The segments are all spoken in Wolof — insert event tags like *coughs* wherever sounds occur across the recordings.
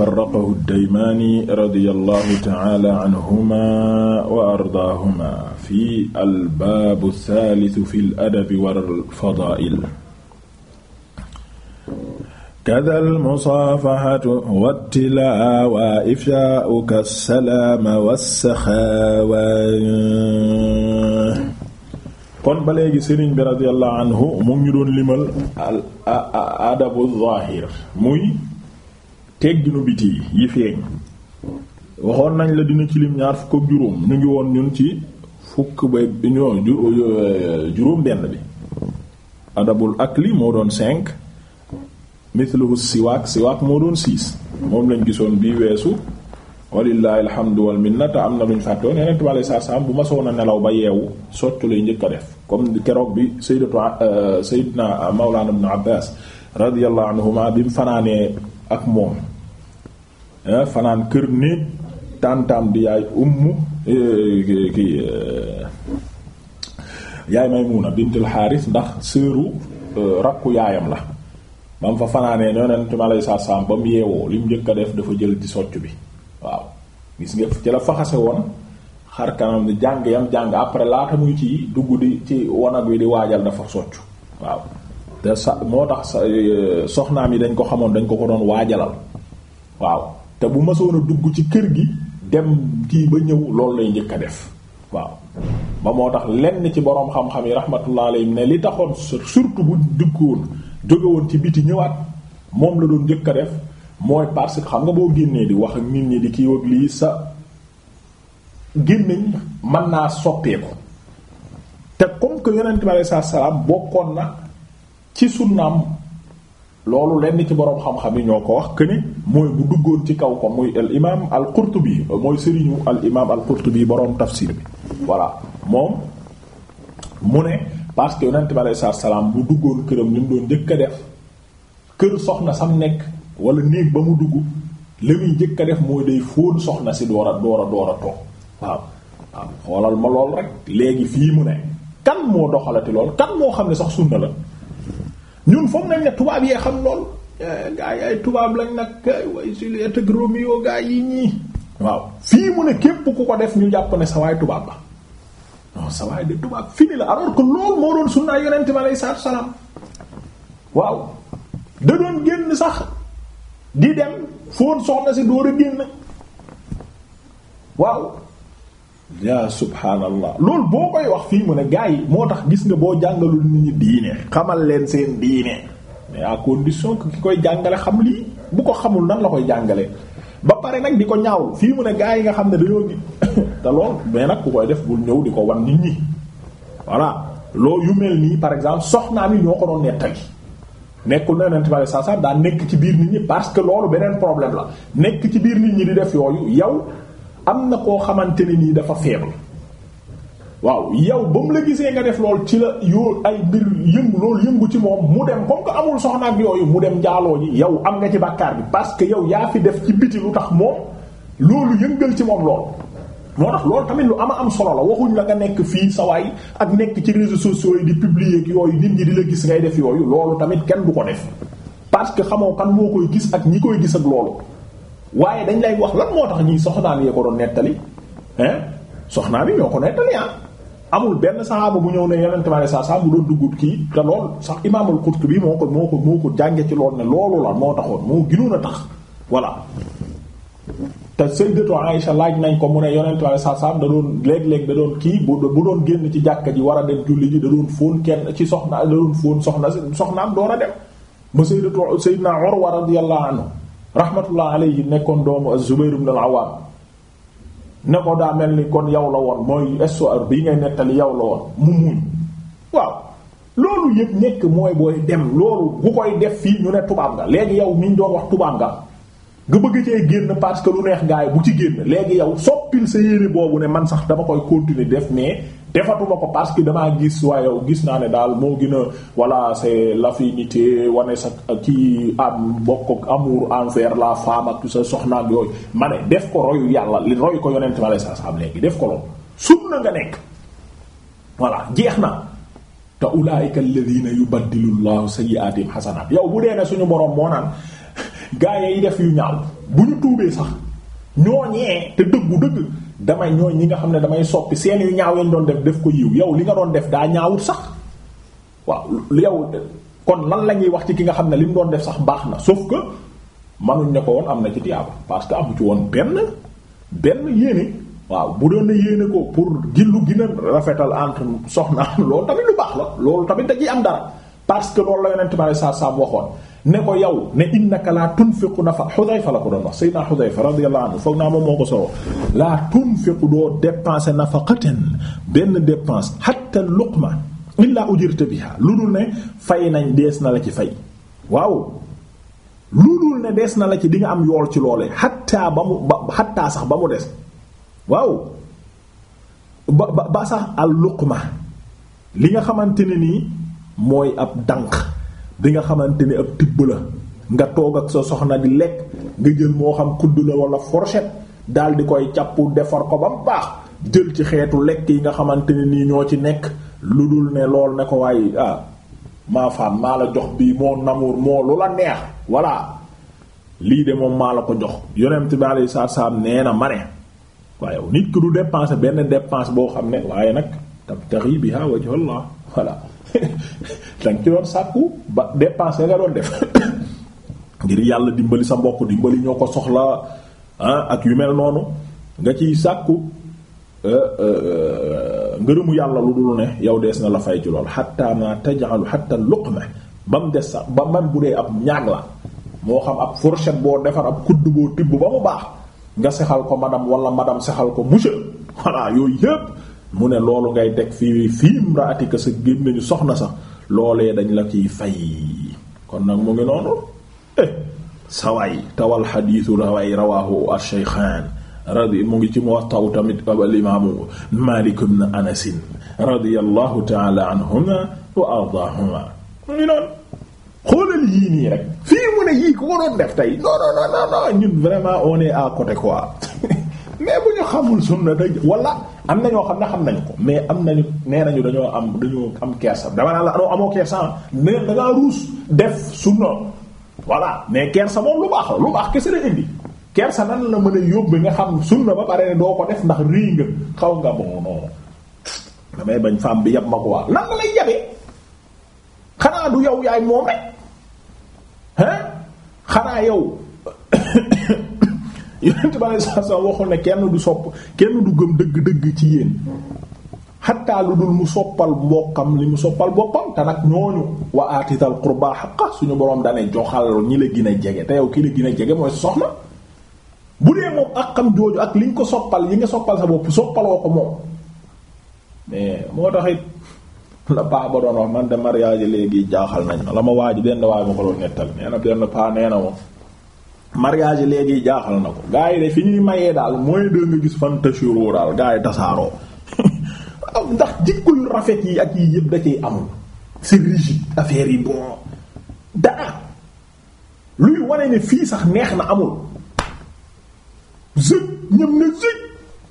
farraqahu ad-Daymaani radiyallahu ta'ala anhumaa wa ardaahumaa fi al-baab ath-thaalith fi al-adab wal-fadaa'il kadhal musaafahatu wat-tilaawa ifshaa'uka as-salaama was-saxaawa kon ba léegi sëriñ bi radiyallahu anhu mu ngi ñu doon limal al adabu zaahir muy tegginu biti yi feeñ waxoon nañ la dina ci lim ñaar fukk ak juróom ñu ngi woon ñun ci fukk ba ñoo euh, juróom benn bi adabul akli moo doon cinq mithluhu siwaak siwaak moo doon six moom lañ gisoon bii weesu walillahi alhamdu wal minna am na luñ fàttewoon yeneen tubaab lay saa saam bu ma sowoon a nelaw ba yeewu soccu lay njëkk a def comme keroog bi sayyidatu euh, sayyidna mawlana ibn abbas radiyallahu anhuma bi mu fanaanee ak moom fanaan kër néeg tàntam taam di yaay ummu eh, kii eh, yaay Maymuna bintul Xaaris ndax sëru eh, rakku yaayam la bam fa fanaanee yonent mi alayhi salaatu salaam mu yeewoo li mu njëkk a def dafa jël di socc bi waaw gis nga ci la faxase woon xar di jàng yam jàng après laata muy ci dugg di ci wanag wi di waajal dafa socc waaw te sa moo tax soxnaam yi dañ ko xamoon dañ ko ko doon waajalal waaw te bu masoon a dugg ci kër gi dem kii ba ñëw loolu lay njëkk a def waaw ba moo tax lenn ci boroom xam-xam yi rahmatullah alayhi ne li taxoon surtout bu dugg woon ci biti ñëwaat moom la doon njëkk a def mooy parce que xam nga boo génnee di wax ak nit ñi di kii wag lii sa gémmiñ man naa soppeeku te comme que yonent bi alayhi salaam bokkoon na ci sunnaam loolu lenn ci boroom xam-xam yi ñoo ko wax que mooy bu duggoon ci kaw ko muy al imaam al qurtubi mooy sëriñu al imaam al qurtubi boroom tafsir bi voilà moom mu ne parce que yonent bi alayhi salaam bu duggoon këram ñu mu doon njëkk def kër soxna sam nekk wala néeg ba mu dugg li muy njëkk a def mooy day fóon soxna si door a door a door a toog waaw xoolal ma lool rek léegi fii mu ne kan moo doxalati lool kan moo xam ne sax sunna la ñun foog nañ ne tubaab yee xam lool eh, gaa yi ay tubaab lañ nag kay way Juliette ak gaa yi waaw fii mu ne képp ku ko def ñu jàpp ne sa waay tubaab la non sa waay de tubaab fini la alors que loolu moo doon sunnaa yonent bi aleyhi salaatu wa salaam waaw da doon génn sax di dem foon soxna si door a génn waaw yaa subhaanallah loolu boo koy wax fii mu ne gars yi moo tax gis nga boo jàngalul nit ñi diine xamal leen seen diine mais à condition que ki koy jàngale xam lii bu ko xamul nan la koy jàngalee ba pare nag di ko ñaawul fii mu ne gars yi nga xam ne dañoo gi *coughs* te lool mais nag ku koy def bul ñëw di ko wan nit ñi voilà loolu yu mel nii par exemple soxnaam yi ñoo ko doon nettali nekkul na yonent bi sallallahu alayhi wasallam daa nekk ci biir nit ñi parce que loolu beneen problème la nekk ci biir nit ñi di def yooyu yow am na koo xamante ne nii dafa faible waaw yow ba mu la gisee nga def lool ci la yoo ay mbir yëngu loolu yëngu ci moom mu dem comme que amul soxnaak yooyu mu dem njaaloo ji yow am nga ci bàkkaar bi parce que yow yaa fi def ci biti lu tax moom loolu yëngal ci moom lool. moo tax loolu tamit lu ama am solo la waxuñ la nga nekk fii sawaay ak nekk ci réseaux sociaux yi di publier ak yooyu nit ñi di la gis ngay def yooyu loolu tamit kenn du ko def parce que xamoo kan moo gis ak ñi koy gis ak waaye dañ lay wax lan moo tax ñii soxnaam yee ko doon nettali hein soxnaam yi ñoo ko nettali ah amul benn saxaaba bu ñëw ne yeneen tamit saa saa bu doon duggut kii te lool sax imaamul Qurtubi moo ko moo ko moo ko jànge ci loolu ne loolu la moo taxoon moo gënoon a tax voilà. te sayyidatu Aisha laaj nañ ko mu ne yonent bi alayhi salaam da doon léeg-léeg da doon kii bu bu doon génn ci jàkka ji war a dem julli ji da doon fóon kenn ci soxna da doon door a dem ba sayyidatu sayyidna Urwa radiyallahu rahmatullah yi nekkoon doomu az-Zubayr ibn al-Awwam ne daa mel ni kon yow la woon mooy histoire bii ngay nettali yow la woon mu muñ waaw loolu yëpp nekk mooy booy dem loolu bu koy def fii ñu ne tubaab nga léegi yow mi ñu doon wax tubaab nga nga bëgg cee génn parce que lu neex gaay bu ci génn léegi yow soppil sa yére boobu ne man sax dama koy continuer def mais defatuma ko parce que damaa gis waaye yow gis naa ne daal moo gën a voilà c'est l'affinité wane sa kii am bokk amour envers la femme ak sa soxna ak yooyu ma ne def ko royu yàlla li royu ko yonent ma a sa saam léegi def ko lool sunna nga nekk voilà jeex na te ulaayika alladhina yubaddilu llahu sayyi'atihim hasanat yow bu dee ne suñu boroom moo naan *laughs* gaa yi def yu ñaaw bu ñu tuubee sax ñooñee te dëggu dëgg damay ñooñ ñi nga xam ne damay soppi seen yu ñaaw yañ doon def def ko yiw yow li nga doon def daa ñaawut sax waaw yow kon lan la ñuy wax ci ki nga xam ne li mu doon def sax baax na sof que manuñ ne ko woon am na ci tiyaaba parce que amu ci woon benn benn yéene waaw bu doon na yéene ko pour gi gillu gina rafetal entre soxna *laughs* loolu tamit lu baax la loolu tamit da ciy am dara parce que loolu la yonent bi sallallahu alayhi wasallam waxoon ne ko yow ne innaka laa tunfiqu nafa Xudayfa la ko doon wax Seydina Xudayfa radiyallahu anhu foog naa moom moo ko solo laa tunfiqu doo dépenser nafaqatan benn dépense hatta luqma illaa ujirta biha lu dul ne fay nañ dees na la ci fay waaw lu dul ne dees na la ci di nga am yool ci loolee hatta ba mu ba hatta sax ba mu des waaw ba ba sax al luqma li nga xamante ne nii mooy ab dànq. bi nga xamante ni ab tibb la nga toog ak sa soxna di lekk nga jël moo xam kudd la wala fourchette dal di koy càpp defar ko ba mu baax jël ci xeetu lekk yi nga xamante ne nii ñoo ci nekk lu dul ne lool ne ko waaye ah maa la jox bii moo namuur moo lu la neex walla lii de moom maa la ko jox yonent bi alayhi salaatu salaam nee na ma ne waaye nit ki du dépenser benn dépense boo xam ne waaye nag tabtaghi biha wajhallah voilà danga ci doon sàkku ba dépenser nga doon def *coughs* ngir yàlla dimbali sa mbokk dimbali ñoo ko soxla ah ak yu mel noonu nga ciy sàkku eh, eh, ngërëmu yàlla lu dul ne yow dees na la fay ci lool xatta te taj'alu xatta luqma ba mu des sax ba man bu dee ab ñaag la moo xam ab fourchette boo defar ab kudd boo tibb ba mu baax nga sexal ko madame wala madame sexal ko monsieur voilà yooyu yépp mu ne loolu ngay teg fii fii raatika sa gémmiñu soxna sax loolee dañ la ciy fay kon nag mu ngi noonu eh sawaay tawal xadiisu rawaay rawaahu ash-shaykhaan radi mu ngi ci Muwatta tamit al imaamu Maalik ibn Anas radiyallahu taala anhuma wa ardaahuma mu ngi noonu xoolal yii nii rek fii mu ne yii ko doon def tey non non ñun vraiment on est à quoi *laughs* xamul sunna da wala am na ñoo xam ne xam nañu ko mais am nañu nee nañu dañoo am dañoo am kersa dama naa la anoo amoo kersa ah mais da ngaa ruus def sunna voilà mais kersa moom lu baax la lu baax la indi kersa nan la mën a yóbbu nga xam sunna ba pare doo ko def ndax rii nga xaw nga bon non damay bañ femme bi yab ma ko waa lan la lay yabee xanaa du yow yaay moom rek hein xanaa yow. yonent bi alei satu salaam waxul ne kenn du sopp kenn du gëm dëgg-dëgg ci yéen xatta lu dul mu soppal mbokkam li mu soppal boppam te nag ñooñu wa aatital qurba xaqa suñu boroom dane joxal ñi la gën a jege te yow ki la gën a jege mooy soxna bu dee moom ak xam jooju ak liñ ko soppal yi nga soppal sa bopp soppaloo ko moom mais moo tax it la paa ba doon wax man de mariage léegi jaaxal nañ la ma waaj benn waay ma ko doon nettal nee na benn paa nee na mariage léegi jaaxal na ko gars yi de fi ñuy mayee daal mooy de nga gis fantasiro daal gars yi tasaaroo *laughs* ndax jikkul rafet yi ak yi yëpp da ciy amul c'est rigide affaire yi bon dara luy wane ne fii sax neex na amul zut ñëm ne zut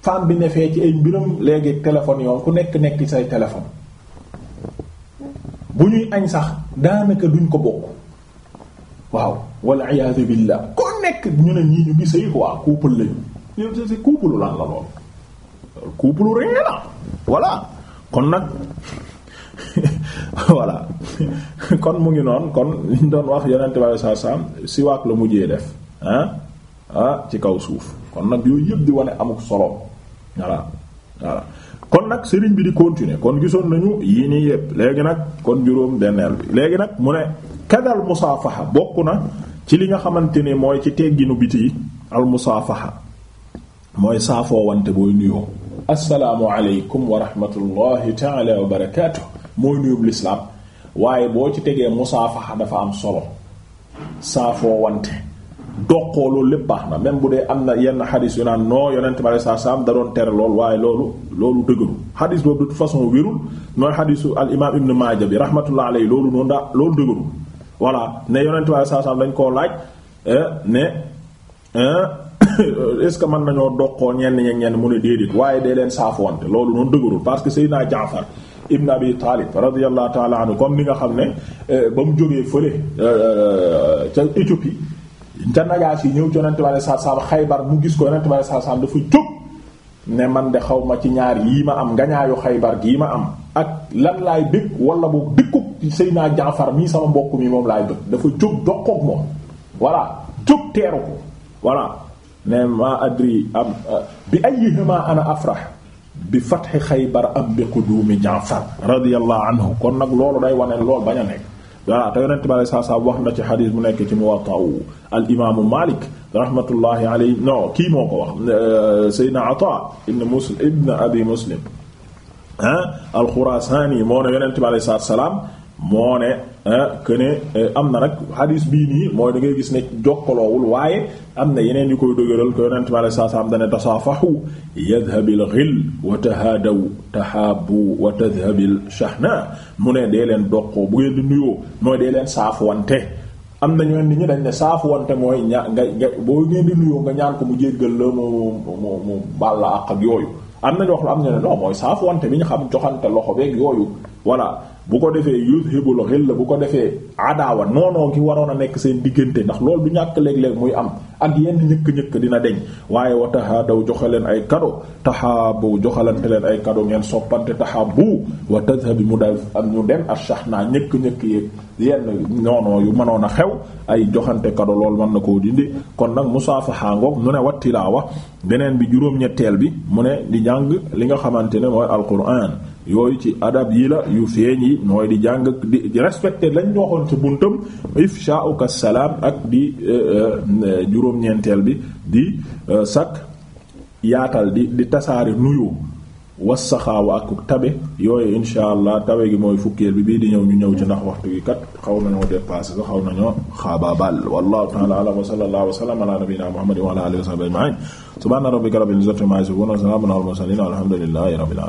femme bi ne fee ci ay mbiram léegi téléphone yoon ku nekk nekk ci say téléphone bu ñuy añ sax daanaka duñ ko bokk waaw wal iyaadu billah nekk ñu ne ñi ñu ngi sëy quoi couple lañu yow c'est couple lan la couple rek la kon nag *laughs* voilà *laughs* kon mu ngi noonu kon liñ doon wax yonent bi sallallahu alayhi wasallam siwaak la mujjee def ah ah ci kaw suuf kon nag yooyu yëpp di wane amuk solo voilà voilà kon nag sëriñ bi di continuer kon gisoon nañu yi nii yëpp léegi nag kon juróom benneel bi léegi nag mu ne kadal musaafaha bokk na ci li nga xamante ne mooy ci tegginu biti almusaafaha mooy saafoo wante booy nuyoo assalaamu aleykum wa rahmatullahi taala wa barakaatu mooy nuyub lislaam waaye boo ci tegee musaafaha dafa am solo saafoo wante doqoo loolu lépp baax na même bu dee am na yenn xadis yu naan non yonent bi saa saam da doon tere lool waaye loolu loolu dëggalu xadis boobu de façon wérul mooy xadisu al imaam ibn Maaja bi rahmatullah aleyhi loolu noonu daa loolu dëggalu voilà ne yonent waaye saa saam dañ koo laaj eh, ne eh, *coughs* est ce que mën nañoo doqoo ñenn ñeeg ñenn mu ne déedéet waaye dee leen saafuwante loolu noonu dëgërul parce que Seydina Jaafar ibn Abi Taalib radiyallahu taala anhu comme ni nga xam ne eh, ba mu jógee fële ca Éthiopie ca yi ñëw ci yonent waaye saa Xaybar mu gis ko yonent waaye saa saam dafa jóg ne man de xaw ma ci ñaar yii ma am ngañaayu Xaybar gii ma am ak lan dëkk wala bu dëkk Seydina Jaafar mii sama mbokk mi moom laay bëgg dafa jóg doqoog moom voilà jóg teeru ko voilà ne ma adri am euh, bi ayyihima ana afrah bi fathi Xaybar am bi qudumi Jaafar radiyallahu anhu kon nag loolu day wane loolu bañ a nekk voilà te yonent bi alayhi salaatu salaam wax na ci xadiis bu nekk ci Muwatta al imaamu Maalik rahmatullahi alayhi non kii moo ko wax euh, Seydina Ataa ibn Muslim ibn Abi Muslim ah al Xurasaani moo ne yonent bi alayhi salaatu salaam moo ne ah, que ne eh, am na nag hadis bii nii mooy da ngay gis ne jokkaloowul waaye am na yeneen yu koy dëgëral ko yonent bi alayhi salaam dane tasaafahu yadhabil ghil wa tahaadaw tahaabu wa tadhabil shahna mu ne dee leen doqoo bu ngeen di nuyoo mooy dee leen saafuwante am na ñooñu nit ñi dañ ne wante mooy ña nga nga boo ngeen di nuyoo nga ñaan ko mu jéggal la mu mu mu baal la ak yooyu am na ñu wax lu am na ne non mooy saafuwante bi ñu xam joxante loxo beeg yooyu voilà. bu ko defee yuzhibul ghilla bu ko defee adaawa noonoo ki waroon a nekk seen diggante ndax loolu bu ñàkk léeg-léeg muy am ak yenn ñëkk-ñëkk dina deñ waaye wa tahaadaw joxe leen ay kado tahaabu joxalante leen ay kado ngeen soppante tahaabu wa tadhabi mu dal am ñu dem ashahna ñëkk-ñëkk yeeg yenn noonoo yu mënoon a xew ay joxante kado lool mën na koo dindi kon nag musaafaha ngoog mu ne wattilaawa beneen bi juróom-ñetteel bi mu ne di jàng li nga xamante ne mooy alquran yooyu ci adab yii la yu feeñ yi mooy di jàng di respecté lañ waxoon ci buntam ifsha'uka salaam ak di eh, eh, eh, juróom-ñeenteel bi di sak yaatal di di tasaare nuyoo wasaxaawa ak tabe yooyu insha allah tabe gi mooy fukkeel bi bii di ñëw ñu ñëw ci ndax waxtu gi kat xaw nañoo dépassé sax xaw nañoo xaabaabal wallahu ta'ala a'lam wa sallallahu wa sallam ala nabiyyina muhammadin wa ala alihi wa sahbihi ajma'in subhana rabbika rabbil izzati amma yasifun wa